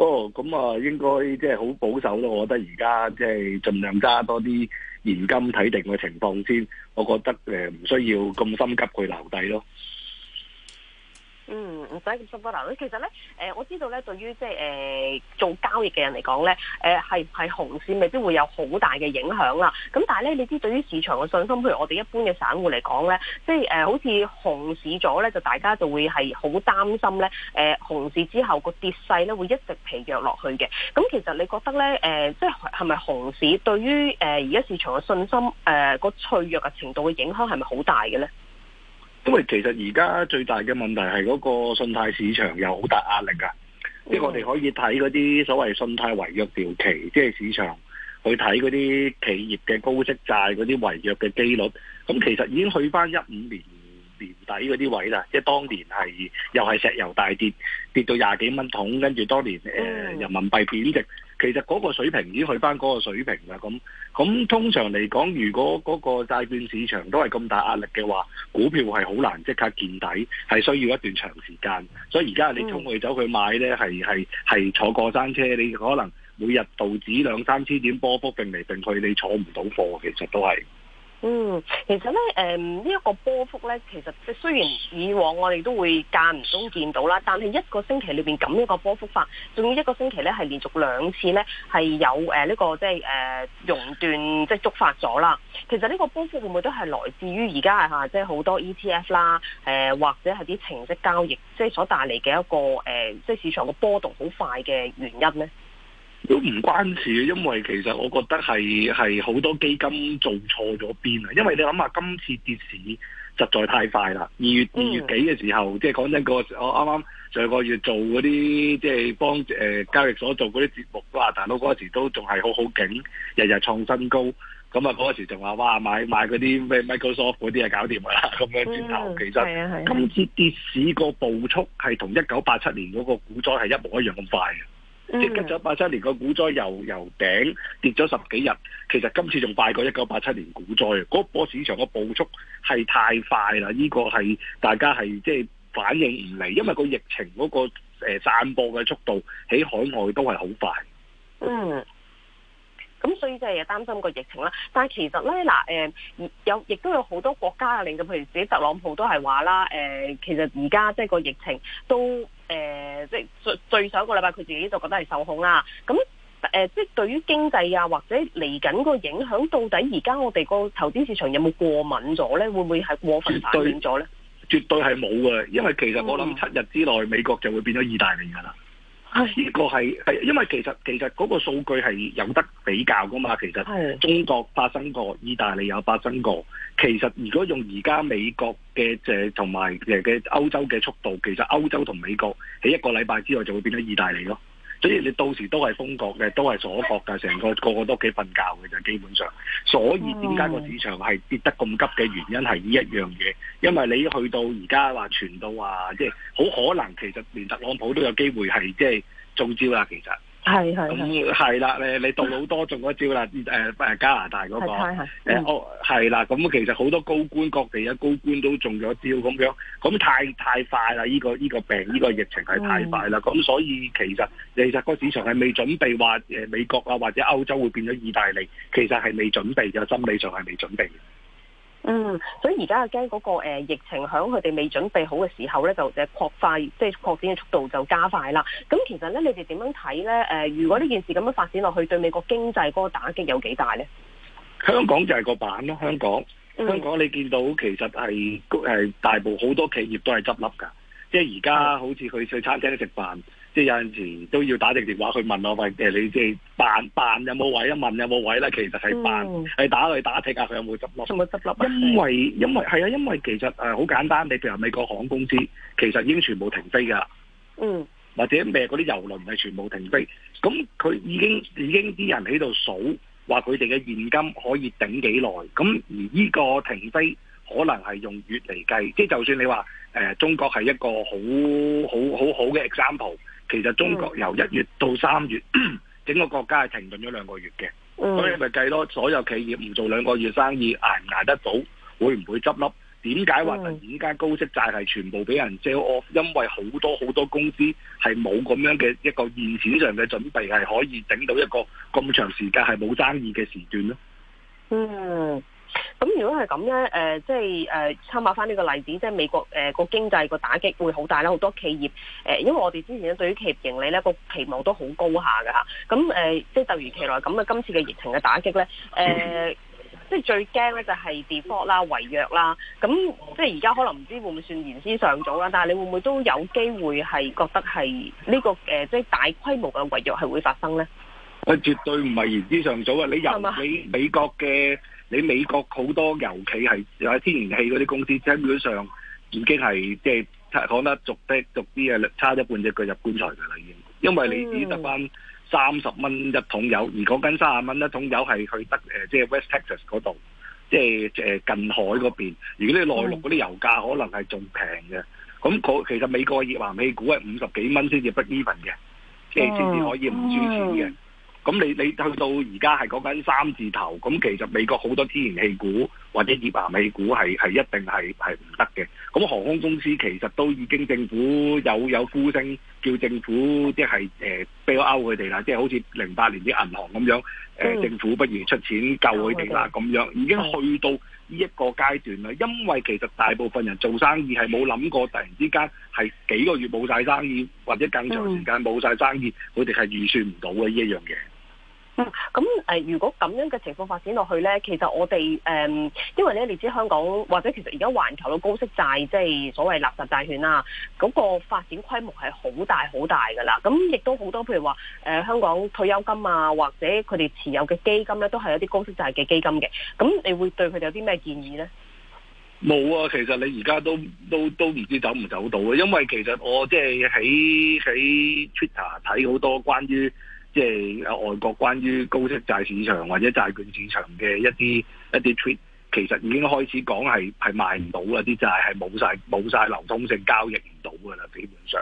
哦，咁啊，應該即係好保守咯。我覺得而家即係盡量加多啲現金睇定嘅情況先，我覺得誒唔需要咁心急去撈底咯。嗯，唔使咁失望。咁其實咧，誒、呃、我知道咧，對於即係誒做交易嘅人嚟講咧，誒係係熊市未必會有好大嘅影響啦。咁但係咧，你知對於市場嘅信心，譬如我哋一般嘅散戶嚟講咧，即係誒、呃、好似熊市咗咧，就大家就會係好擔心咧。誒、呃、熊市之後個跌勢咧會一直疲弱落去嘅。咁其實你覺得咧，誒即係係咪熊市對於誒而家市場嘅信心誒個、呃、脆弱嘅程度嘅影響係咪好大嘅咧？因為其實而家最大嘅問題，係嗰個信貸市場有好大壓力啊，即係、嗯、我哋可以睇嗰啲所謂信貸違約掉期，即係市場去睇嗰啲企業嘅高息債嗰啲違約嘅機率。咁其實已經去翻一五年年底嗰啲位啦，即係當年係又係石油大跌，跌到廿幾蚊桶，跟住當年誒、呃、人民幣貶值。其實嗰個水平已經去翻嗰個水平啦，咁咁通常嚟講，如果嗰個債券市場都係咁大壓力嘅話，股票係好難即刻見底，係需要一段長時間。所以而家你衝去走去買呢，係係係坐過山車，你可能每日道指兩三千點波幅並嚟並去，你坐唔到貨，其實都係。嗯，其實咧，誒、嗯，呢、這、一個波幅咧，其實即係雖然以往我哋都會間唔中見到啦，但係一個星期裏邊咁一個波幅法仲要一個星期咧係連續兩次咧係有誒呢、呃這個、呃、斷，即係誒熔斷即係觸發咗啦。其實呢個波幅會唔會都係來自於而家吓即係好多 ETF 啦，誒、呃、或者係啲程式交易、呃，即係所帶嚟嘅一個誒即係市場個波動好快嘅原因咧？都唔關事，因為其實我覺得係係好多基金做錯咗邊啊！因為你諗下，今次跌市實在太快啦。二月，二月幾嘅時候，即係講真嗰時，我啱啱上個月做嗰啲，即係幫誒、交易所做嗰啲節目嘅話，大佬嗰時都仲係好好景，日日創新高。咁啊，嗰時就話哇，買買嗰啲咩 Microsoft 啲就搞掂啦，咁樣轉頭，其實今次、嗯啊啊、跌市個步速係同一九八七年嗰個股災係一模一樣咁快嘅。即係跟咗八七年個股災又由，由頂跌咗十幾日，其實今次仲快過一九八七年股災嗰波，那個，市場個步速係太快啦，呢，這個係大家係即係反應唔嚟，因為個疫情嗰個散播嘅速度喺海外都係好快。嗯，咁所以就係擔心個疫情啦。但係其實咧嗱誒，有亦都有好多國家啊，令到譬如自己特朗普都係話啦，誒、呃，其實而家即係個疫情都。誒、呃，即係最最上一個禮拜，佢自己就覺得係受控啦。咁誒、呃，即係對於經濟啊，或者嚟緊個影響，到底而家我哋個投資市場有冇過敏咗咧？會唔會係過分反應咗咧？絕對係冇噶，因為其實我諗七日之內，嗯、美國就會變咗意大利噶啦。係，呢個係係，因為其實其實嗰個數據係有得比較噶嘛。其實中國發生過，意大利有發生過，其實如果用而家美國嘅即同埋嘅嘅歐洲嘅速度，其實歐洲同美國喺一個禮拜之內就會變咗意大利咯。所以你到時都係封國嘅，都係鎖國㗎，成個個個都屋企瞓覺嘅就基本上。所以點解個市場係跌得咁急嘅原因係呢一樣嘢，因為你去到而家話傳到話，即係好可能其實連特朗普都有機會係即係中招啦，其實。係係咁係啦，你你讀好多中咗招啦，誒誒加拿大嗰個，係啦，咁哦其實好多高官各地嘅高官都中咗招咁樣，咁太太快啦，呢個呢個病呢個疫情係太快啦，咁所以其實其實個市場係未準備話誒美國啊或者歐洲會變咗意大利，其實係未準備嘅，心理上係未準備。嗯，所以而家嘅驚嗰個、呃、疫情喺佢哋未準備好嘅時候咧，就誒擴快，即係擴展嘅速度就加快啦。咁其實咧，你哋點樣睇咧？誒、呃，如果呢件事咁樣發展落去，對美國經濟嗰個打擊有幾大咧？香港就係個板咯，香港，嗯、香港你見到其實係係大部分好多企業都係執笠㗎，即係而家好似佢去餐廳食飯。即係有陣時都要打啲電話去問我，喂誒你哋辦辦有冇位？問有冇位啦。其實係辦係、嗯、打去打聽下佢有冇執落，落因？因為因為係啊，因為其實誒好簡單。你、呃、譬如美國航空公司，其實已經全部停飛㗎。嗯，或者咩嗰啲遊輪係全部停飛。咁佢已經已經啲人喺度數，話佢哋嘅現金可以頂幾耐。咁而呢個停飛可能係用月嚟計。即係就算你話誒、呃、中國係一個好好好好好好好嘅 example。其實中國由一月到三月，mm. 整個國家係停頓咗兩個月嘅，mm. 所以咪計多所有企業唔做兩個月生意，捱唔捱得到，會唔會執笠？點解話突然間高息債係全部俾人 sell off？因為好多好多公司係冇咁樣嘅一個現錢上嘅準備，係可以整到一個咁長時間係冇生意嘅時段咧。嗯。Mm. 咁如果係咁咧，誒、呃，即係誒參考翻呢個例子，即係美國誒個、呃、經濟個打擊會好大啦，好多企業誒、呃，因為我哋之前咧對於企業盈利咧個期望都好高下嘅嚇，咁誒，即係突如其來咁嘅今次嘅疫情嘅打擊咧，誒、呃，嗯、即係最驚咧就係 default 啦、違約啦，咁即係而家可能唔知會唔會算言之尚早啦，但係你會唔會都有機會係覺得係呢、這個誒，即、呃、係、就是、大規模嘅違約係會發生咧？我絕對唔係言之尚早啊！你由美吧美國嘅，你美國好多油企係係天然氣嗰啲公司，基本上已經係即係講得俗啲，俗啲啊，差一半隻腳入棺材㗎啦，已經。因為你只得翻三十蚊一桶油，而講緊三十蚊一桶油係去得即係 West Texas 嗰度，即係近海嗰邊，如果你內陸嗰啲油價可能係仲平嘅。咁佢、嗯、其實美國液化氣股係五十幾蚊先至 break even 嘅，即係先至可以唔注錢嘅。嗯嗯咁你你去到而家係講緊三字頭，咁其實美國好多天然氣股或者頁岩氣股係係一定係係唔得嘅。咁航空公司其實都已經政府有有呼聲叫政府即係誒 bail out 佢哋啦，即、呃、係、就是、好似零八年啲銀行咁樣，誒、呃、政府不如出錢救佢哋啦。咁樣已經去到呢一個階段啦。因為其實大部分人做生意係冇諗過突然之間係幾個月冇晒生意，或者更長時間冇晒生意，佢哋係預算唔到嘅呢一樣嘢。咁誒、嗯呃，如果咁樣嘅情況發展落去呢，其實我哋誒、嗯，因為呢，你知香港或者其實而家環球嘅高息債，即、就、係、是、所謂垃圾債券啦、啊，嗰、那個發展規模係好大好大嘅啦。咁亦都好多，譬如話誒、呃、香港退休金啊，或者佢哋持有嘅基金呢、啊，都係有啲高息債嘅基金嘅。咁你會對佢哋有啲咩建議呢？冇啊，其實你而家都都都唔知走唔走到啊，因為其實我即係喺喺 Twitter 睇好多關於即係外國關於高息債市場或者債券市場嘅一啲一啲 treat，其實已經開始講係係賣唔到啊！啲債係冇晒冇曬流通性，交易唔到㗎啦，基本上。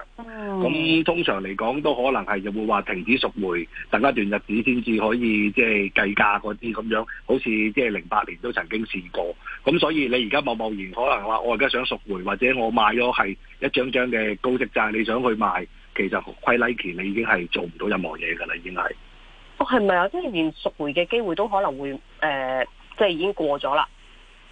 咁通常嚟講，都可能係就會話停止贖回，等一段日子先至可以即係、就是、計價嗰啲咁樣。好似即係零八年都曾經試過。咁所以你而家貿貿然可能話我而家想贖回，或者我買咗係一張張嘅高息債，你想去賣？其實好虧 Nike 你已經係做唔到任何嘢噶啦已經係。哦，係咪啊？即係連贖回嘅機會都可能會，誒，即、呃、係、就是、已經過咗啦。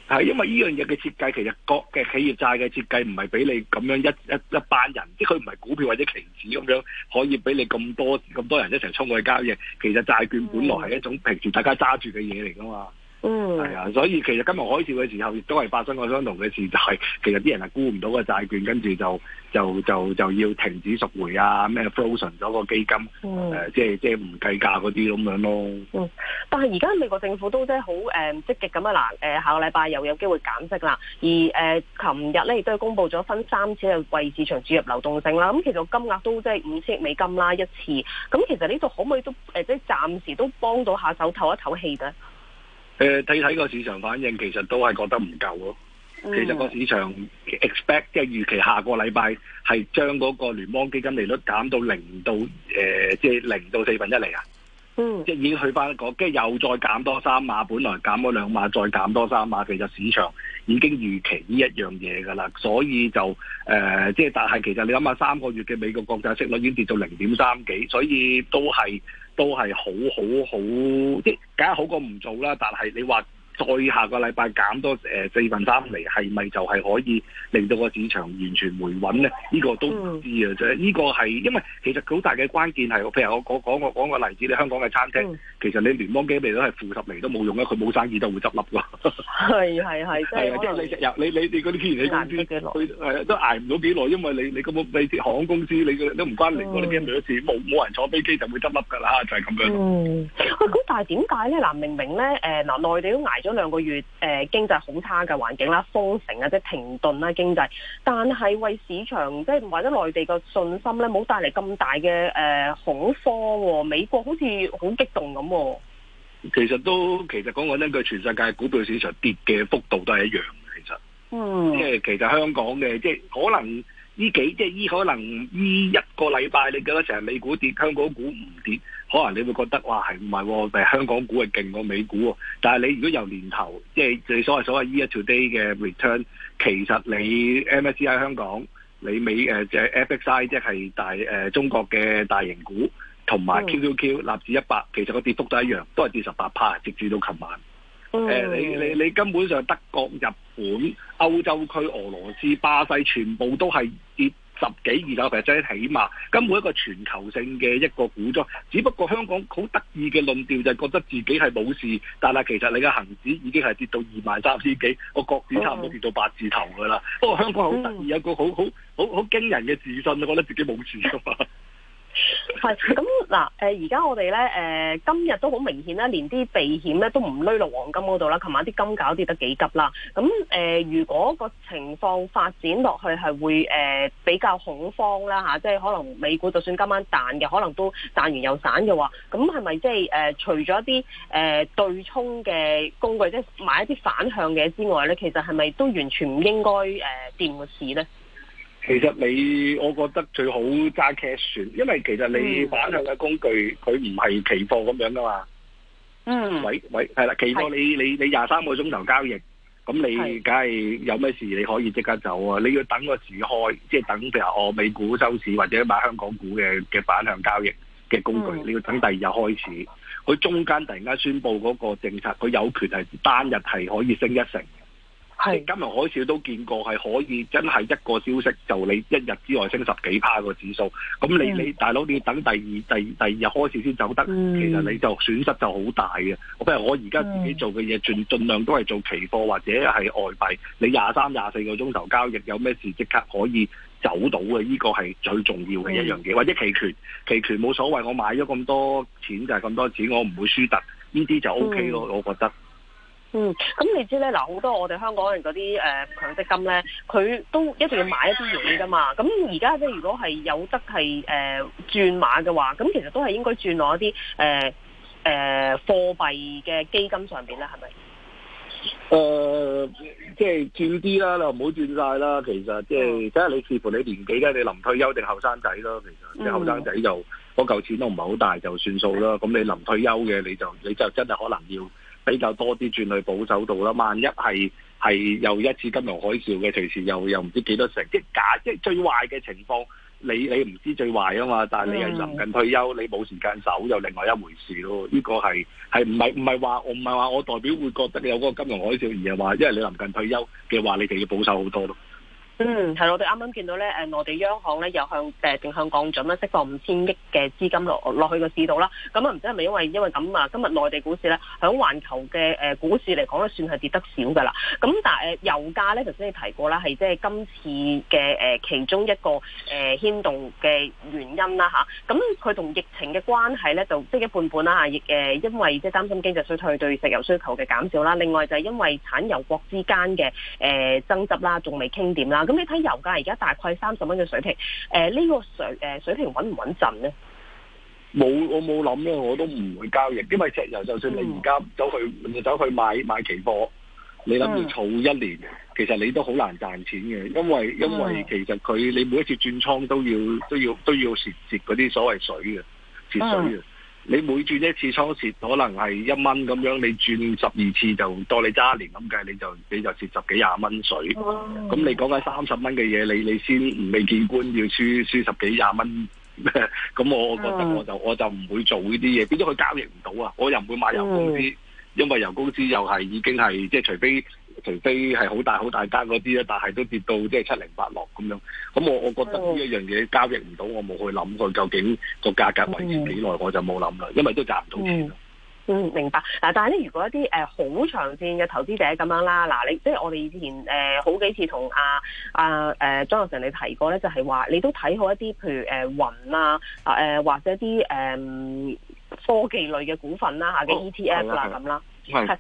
係因為呢樣嘢嘅設計，其實各嘅企業債嘅設計唔係俾你咁樣一一一班人，即係佢唔係股票或者期指咁樣可以俾你咁多咁多人一齊衝去交易。其實債券本來係一種平時大家揸住嘅嘢嚟噶嘛。嗯嗯，係啊，所以其實今日開市嘅時候亦都係發生過相同嘅事，就係、是、其實啲人係估唔到個債券，跟住就就就就要停止贖回啊，咩 frozen 咗個基金，誒、嗯呃，即係即係唔計價嗰啲咁樣咯。嗯，但係而家美國政府都即係好誒積極咁啊，嗱、呃，誒、呃、下個禮拜又有機會減息啦，而誒琴日咧亦都係公布咗分三次去為市場注入流動性啦，咁、嗯、其實金額都即係五千億美金啦一次，咁、嗯、其實呢度可唔可以都誒、呃、即係暫時都幫到下手唞一唞氣咧？誒，睇睇個市場反應，其實都係覺得唔夠咯。其實個市場 expect 即係預期下個禮拜係將嗰個聯邦基金利率減到零到誒，即、呃、係零到四分一厘啊。嗯，即係已經去翻、那個，即係又再減多三碼。本來減咗兩碼，再減多三碼，其實市場已經預期呢一樣嘢噶啦。所以就誒、呃，即係但係其實你諗下，三個月嘅美國國債息率已經跌到零點三幾，所以都係。都係好好好，即係梗係好過唔做啦。但係你話。再下個禮拜減多誒四分三釐，係咪就係可以令到個市場完全回穩咧？呢、這個都唔知啊，啫、嗯！呢個係因為其實好大嘅關鍵係，譬如我講講個講個例子，你香港嘅餐廳，嗯、其實你聯邦機票係負十釐都冇用啊，佢冇生意就會執笠㗎。係係係，係啊！即係你入你你你嗰啲僱員嘅工資，佢都捱唔到幾耐，因為你你根本你啲航空公司，你都唔翻嚟嗰啲僱員嘅錢，冇冇、嗯、人坐飛機就會執笠㗎啦，就係、是、咁樣。咁、嗯、但係點解咧？嗱，明明咧嗱，內、呃、地都捱。咗兩個月，誒，經濟好差嘅環境啦，封城啊，即係停頓啦，經濟，但係為市場即係或者內地個信心咧，冇帶嚟咁大嘅誒恐慌。美國好似好激動咁。其實都其實講講真，佢全世界股票市場跌嘅幅度都係一樣嘅，其實，即係、嗯、其實香港嘅，即係可能。呢幾即係依可能依一個禮拜，你覺得成日美股跌，香港股唔跌，可能你會覺得哇，係唔係？喎？香港股係勁過美股。但係你如果由年頭即係你所謂所謂 year-to-date 嘅 return，其實你 MSCI 香港，你美即係 FXI 即係大、呃、中國嘅大型股同埋 QQQ 納指一百，其實個跌幅都一樣，都係跌十八趴，直至到琴晚。誒、嗯呃，你你你根本上德國、日本、歐洲區、俄羅斯、巴西，全部都係跌十幾二十 percent，其實真係起碼根本一個全球性嘅一個股災。只不過香港好得意嘅論調就係覺得自己係冇事，但係其實你嘅恒指已經係跌到二萬三千幾，個國指差唔多跌到八字頭噶啦嗯、不過香港好得意有，有一個好好好好驚人嘅自信，覺得自己冇事噶嘛係咁嗱，誒而家我哋咧，誒、呃、今日都好明顯啦，連啲避險咧都唔攞落黃金嗰度啦。琴晚啲金搞跌得幾急啦。咁誒、呃，如果個情況發展落去係會誒、呃、比較恐慌啦吓、啊，即係可能美股就算今晚彈嘅，可能都彈完又散嘅話，咁係咪即係誒除咗啲誒對沖嘅工具，即係買一啲反向嘅之外咧，其實係咪都完全唔應該誒掂個市咧？呃其實你，我覺得最好揸期權，因為其實你反向嘅工具，佢唔係期貨咁樣噶嘛。嗯。喂喂，係啦，期貨你是你你廿三個鐘頭交易，咁你梗係是有咩事你可以即刻走啊！你要等個市開，即係等譬如我美股收市或者買香港股嘅嘅反向交易嘅工具，嗯、你要等第二日開始。佢、嗯、中間突然間宣佈嗰個政策，佢有權係單日係可以升一成。是今日海嘯都見過，係可以真係一個消息就你一日之外升十幾 percent 個指數。咁你、嗯、你大佬你要等第二、第二第二日開始先走得，嗯、其實你就損失就好大嘅。我不如我而家自己做嘅嘢盡盡量都係做期貨或者係外幣，你廿三廿四個鐘頭交易，有咩事即刻可以走到嘅，呢、呢個係最重要嘅一樣嘢。嗯、或者期權，期權冇所謂，我買咗咁多錢就係咁多錢，我唔會輸得。呢啲就 OK 咯，嗯、我覺得。嗯，咁你知咧，嗱好多我哋香港人嗰啲誒強積金咧，佢都一定要買一啲嘢噶嘛。咁而家即係如果係有得係誒、呃、轉碼嘅話，咁其實都係應該轉落一啲誒誒貨幣嘅基金上面呢，係咪？誒、呃，即、就、係、是、轉啲啦，唔好轉晒啦。其實、就是嗯、即係睇下你視乎你年紀咧，你臨退休定後生仔咯。其實你後生仔就嗰嚿、嗯、錢都唔係好大，就算數啦。咁、嗯、你臨退休嘅，你就你就真係可能要。比較多啲轉去保守度啦，萬一係係又一次金融海嘯嘅，隨時又又唔知幾多成億架，即係最壞嘅情況，你你唔知最壞啊嘛，但係你係臨近退休，你冇時間走，又另外一回事咯。呢、這個係係唔係唔係話我唔係話我代表會覺得有嗰個金融海嘯而係話，因為你臨近退休嘅話，你哋要保守好多咯。嗯，係咯，我哋啱啱見到咧，誒，內地央行咧又向誒定，呃、向降準啦，釋放五千億嘅資金落落去個市度啦。咁、嗯、啊，唔知係咪因為因為咁啊，今日內地股市咧，響環球嘅，呃、股市嚟講咧，算係跌得少噶啦。咁、嗯、但係，呃、油價咧，頭先你提過啦，係即係今次嘅，呃、其中一個誒牽，呃、動嘅原因啦吓，咁佢同疫情嘅關係咧，就即係一半半啦亦，呃、因為即係擔心經濟衰退對石油需求嘅減少啦。另外就係因為產油國之間嘅誒爭執啦，仲未傾掂啦。咁你睇油價而家大概三十蚊嘅水平，呢、呃呢個水、呃、水平穩唔穩陣咧？冇，我冇諗咧，我都唔會交易，因為石油就算你而家、嗯、走去走去買，買期貨，你諗住儲一年，嗯、其實你都好難賺錢嘅，因為、嗯、因為其實佢你每一次轉倉都要都要都要蝕蝕嗰啲所謂水嘅蝕水嘅。嗯你每轉一次倉蝕，可能係一蚊咁樣，你轉十二次就當你揸一年咁計，你就你就蝕十幾廿蚊水。咁、oh. 你講緊三十蚊嘅嘢，你你先未見官要輸輸十幾廿蚊咩？咁 我覺得我就、oh. 我就唔會做呢啲嘢，變咗佢交易唔到啊！我又唔會買油公司，oh. 因為油公司又係已經係即係除非。除非係好大好大間嗰啲咧，但係都跌到即係七零八落咁樣。咁、嗯、我我覺得呢一樣嘢交易唔到，我冇去諗佢究竟個價格維持幾耐，嗯、我就冇諗啦，因為都賺唔到錢了嗯。嗯，明白。嗱、啊，但係咧，如果一啲誒好長線嘅投資者咁樣啦，嗱、啊，你即係、就是、我哋以前誒、呃、好幾次同阿阿誒張學成你提過咧，就係、是、話你都睇好一啲譬如誒、呃、雲啊誒、呃、或者啲誒、嗯、科技類嘅股份啦嚇嘅 ETF 啦咁啦，係、啊。樣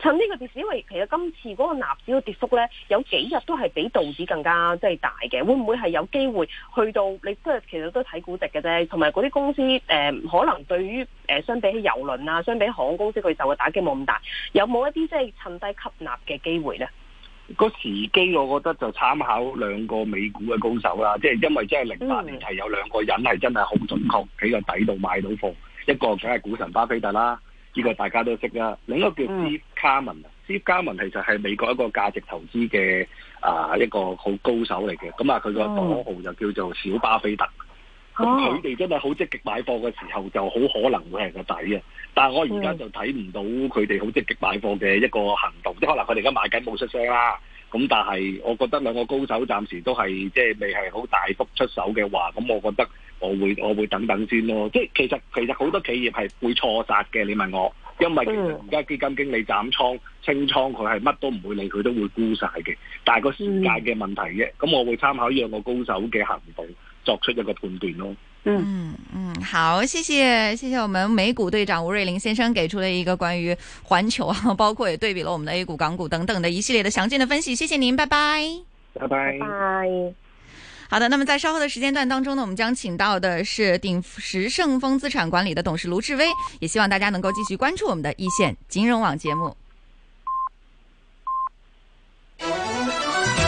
趁呢個跌市，因為其實今次嗰個納指嘅跌幅咧，有幾日都係比道指更加即係、就是、大嘅。會唔會係有機會去到？你即係其實都睇估值嘅啫，同埋嗰啲公司誒、呃，可能對於誒、呃、相比起郵輪啊，相比起航空公司，佢受嘅打擊冇咁大。有冇一啲即係趁低吸納嘅機會咧？個時機我覺得就參考兩個美股嘅高手啦，即係因為即係零八年係有兩個人係真係好準確喺個、嗯、底度買到貨，一個梗係股神巴菲特啦。呢個大家都識啦，另一個叫 Steve Carman，Steve Carman 其實係美國一個價值投資嘅啊一個好高手嚟嘅，咁啊佢個綽號就叫做小巴菲特。咁佢哋真係好積極買貨嘅時候，就好可能會係個底嘅。但係我而家就睇唔到佢哋好積極買貨嘅一個行動，是即可能佢哋而家買緊冇出聲啦。咁但係我覺得兩個高手暫時都係即係未係好大幅出手嘅話，咁我覺得。我會我會等等先咯，即係其實其實好多企業係會錯殺嘅，你問我，因為其實而家基金經理斬倉、嗯、清倉，佢係乜都唔會理，佢都會沽晒嘅，但係個時間嘅問題啫。咁、嗯、我會參考呢兩個高手嘅行動，作出一個判斷咯。嗯嗯，嗯，好，謝謝謝謝我們美股隊長吳瑞麟先生給出了一個關於環球、啊，包括也對比了我們的 A 股、港股等等的一系列的詳盡的分析。謝謝您，拜拜，拜拜。拜拜好的，那麼在稍後的時間段當中呢，我們將請到的是鼎石盛豐資產管理的董事盧志威，也希望大家能夠繼續關注我們的一線金融網節目。